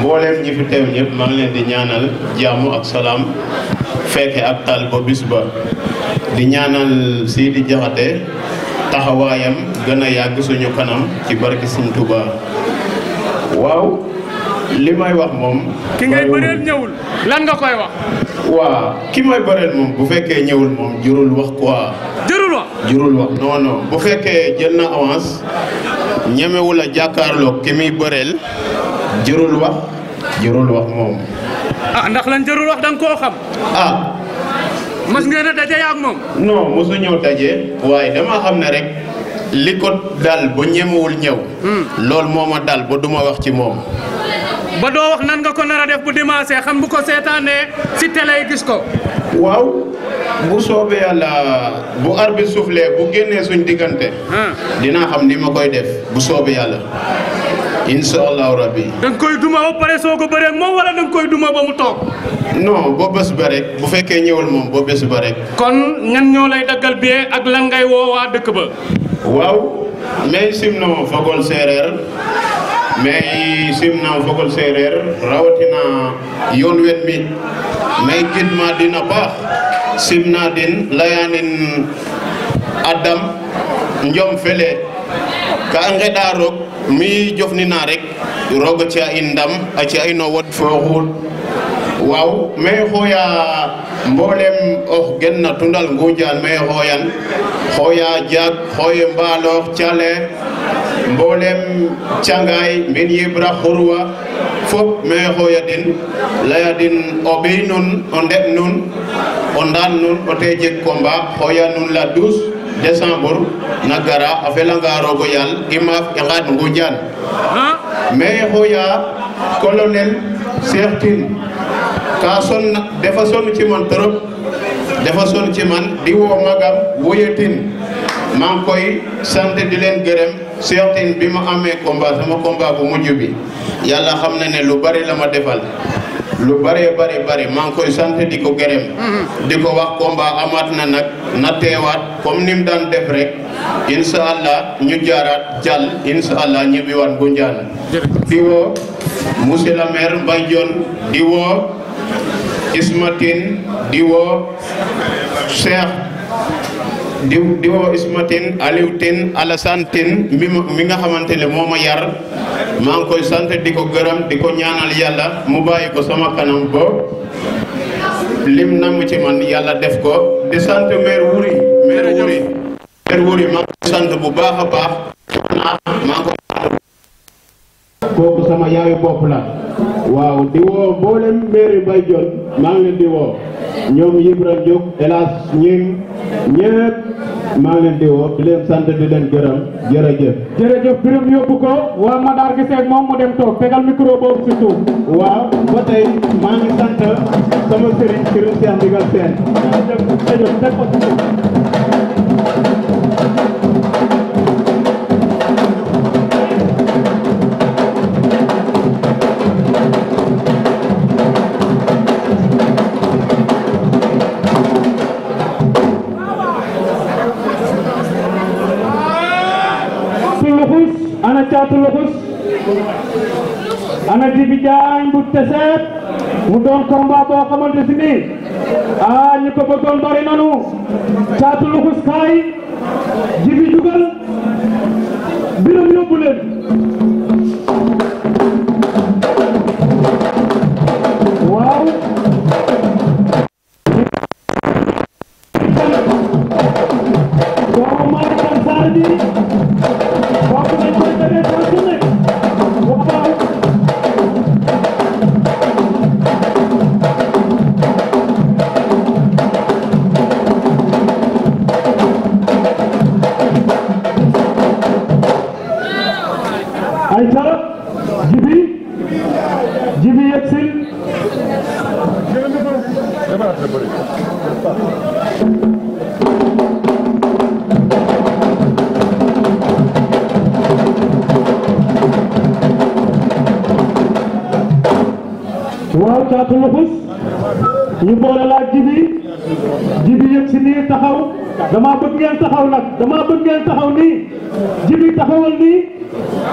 mbooleem ñi fi teew leen di ñaanal jàmm ak salaam fekke ak tal ba bis ba di ñaanal Sidi Jaxate taxawaayam gën a yàgg suñu kanam ci barki Sëñ Tuuba waaw li may wax moom ki ngay bëreel ñëwul lan nga koy wax waaw ki may bëreel moom bu fekkee ñëwul moom jurul wax quoi jurul wax jurul wax non non bu fekkee jël na avance ñemewul jàkkaarloog ki muy bëreel jërul wax jërul wax moom. ah ndax lan jërul wax da nga koo xam. ah. mas ngeen daje ak moom. non mosu ñëw daje. waaye dama xam ne rek li ko dal ba ñemewul ñëw. Hmm. loolu moo ma dal ba duma wax ci moom. ba doo wax nan nga ko nar a def bu dimanche xam bu ko seetaanee si télé yi gis ko. waaw bu soobee yàlla bu arbi soufflé bu génnee suñ diggante. Hmm. dinaa xam ni ma koy def bu soobee yàlla. incha allahu rabbi. da koy duma ba pare soo ko bëree moom wala da koy duma ba mu toog. non boo bés ba rek bu fekkee ñëwal moom boo bés ba rek. kon ñan ñoo lay daggal bee ak lan ngay woo dëkk ba. waaw mais simno fagol séeréer mais simna fagol séeréer rawatina yoon wen mi mais gidma dina baax simna din layanin adam njom fele ka angeɗa roog mi jofnina rek roga ci a in ndam a ci ino wod fo xuul waaw maxey xooya mboolem ox gen na tundal Ngunjaan maxey xooyan xooya jaag xooye mbaaloox caleer mboolem cangaay mbiin yibra xurwa fop maxey xooya den laya den o ɓiy nun o ndeɓ nun o te jeg combat xooya nun la douze décembre na gara a felanga roogo yaal i maaf i ngaad ngunjaan mais ye xooya ka son defa ci man trop dafa ci man di magam Woye maa koy sant di leen gërëm Cheikh bi ma amee combat sama combat bu mujj bi yàlla xam na ne lu bari la ma defal lu bare bare bare man koy sant di ko gërëm mm-hmm. di ko wax combat amaat na nag na teewaat comme ni mu daan rek incha allah ñu jaaraat jàll incha allah ñibbiwaat bu njaan di woo monsieur le maire Mbaye Dione di di di woo Isma Tine Aliou Tine Alassane mi nga xamante ne moo ma yar maa ngi koy sant di ko gërëm di ñaanal yàlla mu bàyyi sama kanam ba lim namm ci man yàlla def ko di sant maire Wuri maire Wuri maire Wuri maa ngi bu baax baax maa ngi koy sama yaayu bopp la waaw di woo mboolem mairie Mbaye Dione maa ngi leen di woo ñoom Ibra Diop hélas ñun ñëpp maa ngi leen di woo di leen sant di leen gërëm jërëjëf. jërëjëf gërëm yóbbu ko waa Madaar gisee ak moom mu dem toog tegal micro boobu si suuf. waaw ba tey maa ngi sant sama sëriñ Serigne Cheikh Ndigal Sène. jërëjëf jërëjëf Fatou Loxus ana Djibi Diagne bu teseet mu doon combat boo xamante si ni ah ñu ko bëggoon bari nanu Fatou Loxus kaay Djibi jugal biram yóbbu leen zakkatu nufus ñu boole laa jibi jibi yëg si nii taxaw dama bëgg ngeen taxaw nag dama bëgg ngeen taxaw nii jibi taxawal nii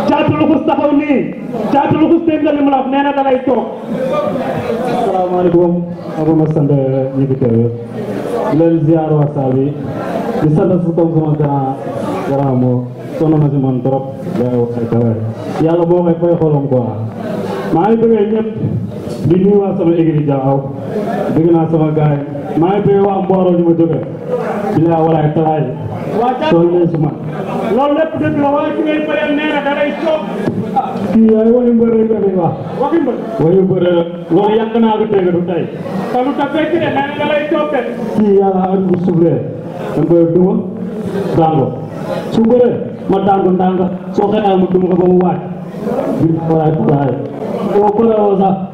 caatu luxus taxaw nii caatu luxus dégg nga li mu la wax nee na da lay toog. asalaamaaleykum Abou ma sant ñi fi teew di leen ziar waa saa bi di sant su ko sama grand grand moo sonn na si man trop. waaw ay tawaay yàlla boo koy fay xolam quoi maa ngi bëggee ñëpp. di nuyuwaat sama église Diakhao dégg naa sama gars yi maa waa Mboro ma jóge bilaa walaay talaay tool ne nee na ah, kii yaay wayu mbër rek la wayu mbër loolu yàgg naa ko dégg du kii yàlla ak bu suuflee dama koy duma daan ko ma daan ko ndànk soo xëy ma duma ko ba mu waaj bilaa walaay talaay boo bëree woo sax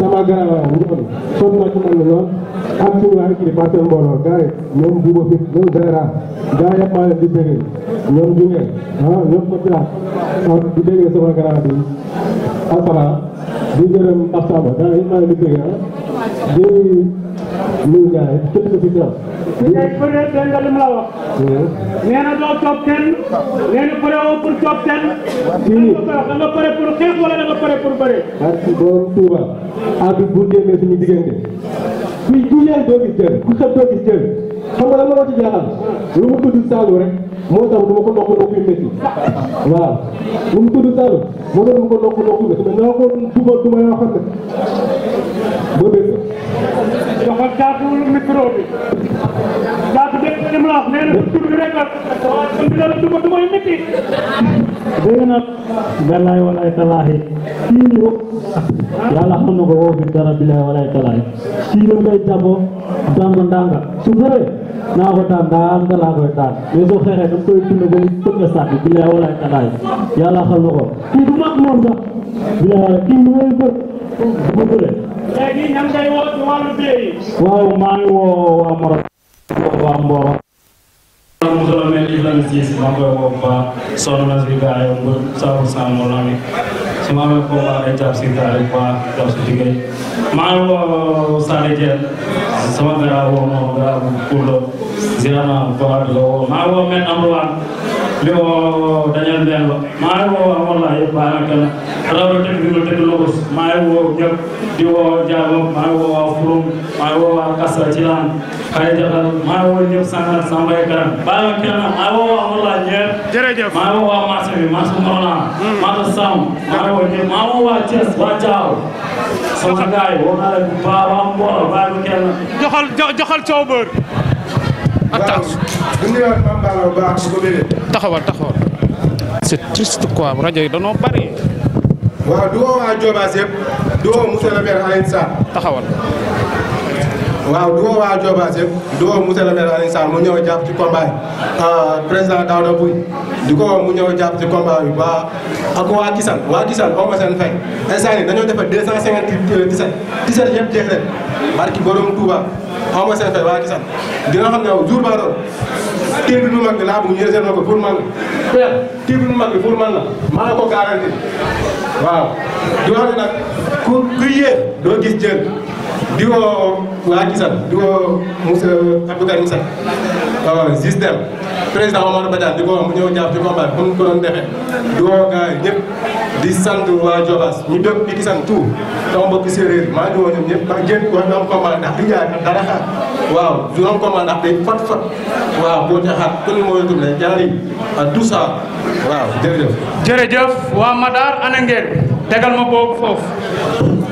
sama garaawaaw bu ñu am na ci lool ak suñu waa kii Martin Mbollo gars yi ñoom Bouba Fit ñoom Zahra gars yëpp maa leen di déggee ñoom Junge ah ñoom ko Dia di déggee sama garaaw bi Alpara di gërëm Asamba gars yëpp maa leen di déggee ah di nuyu gars yi képp ku fi mais peut-être dégg nga li mu la wax. Hmm. nee na doo toog kenn nee na pare woo pour toog kenn. kii da a pare pour xeex wala da nga pare pour bëre. merci borom Touba. Habib bu déggee suñu diggante. kuy ku yeel doo gis jël ku xëpp doo gis jël xam nga lan moo ci mu tudd Saalum rek moo tax dama ko ndox ndox yu métti mu tudd Saalum moo tax dama ko ndox ndox yu métti mais ko duma duma yoo xam ne boo dégg. dafa jaaxul micro bi. baax nee na la kon dina la dugg du may métti. dégg nag gàllaay walaay talaahi kii ñu yàlla xam naa ko daan daan laa koy daan mais soo xeexee ko kii du mag moom sax bilaay walaay kii ñu ngay bër bu bëree léegi ñan ngay woo ci waa Morok waa Mboro mu gën a mel Ibrahima Ciss maa ngi koy woo bu baax sonn na si gars yi ba saabu saa moo la amee su ma amee combat ay jàpp si gars yi bu baax jàpp si liggéey maa ngi woo Sade Diène sama gars woo ma gars bu pour la ziar naa bu baax di la woo maa ngi woo Mbène Amrouane di woo Daniel Mbène ba maa ngi woo amoon naa yëpp baax na kenn rajo technique la technologie maa ngi woo ñëpp di woo Diabo maa ngi woo furum ma wo wa kasa tilan kay jagal ma wo ñep sangal sambay karam ba kenna ma wo wa mulla ñep jërëjëf ma wo wa masami masu mawla ma do sam ma wo ñep ma wo wa ties wa jaaw sama gaay wo na la bu ba wa mbo ba kenna joxal joxal coow beur attention ñu yor pam balaw ba su ko béré taxawal taxawal c'est triste quoi rajo yi danoo bari waaw du woo waa Diobass yëpp du woo monsieur le maire Alioune Sarr taxawal waaw du woo waa Diobass yëpp du woo monsieur le maire Alioune Sarr mu ñëw jàpp ci combat yi ah, président Daouda Bouy di ko woo mu ñëw jàpp ci combat bi waa ak waa Kisan waa Kisan oo ma seen fay instant yi dañoo defar 257 17 yëpp jeex leen barki borom Touba oo ma seen fay waa Kisan dina xam ne jour ba doon téye bi du ko pour man la téye bi du mag man la maa ko garanti waaw di wax ne nag ku ku doo gis jël di woo waa Gisane di woo monsieur Abdou Karim Seck euh, waaw gis dem président Omar di ko ñëw jàpp ci combat bi mu ko doon defee di di sant waa Diobass ñu dëpp di Gisane tout sama mbokk séeréer maa ngi woo ñoom jën war na am combat di jaay dara xaar waaw du am combat ndax ne jaari ak tout ça waaw jërëjëf. jërëjëf waa Madar ana ngeen tegal ma boobu foofu.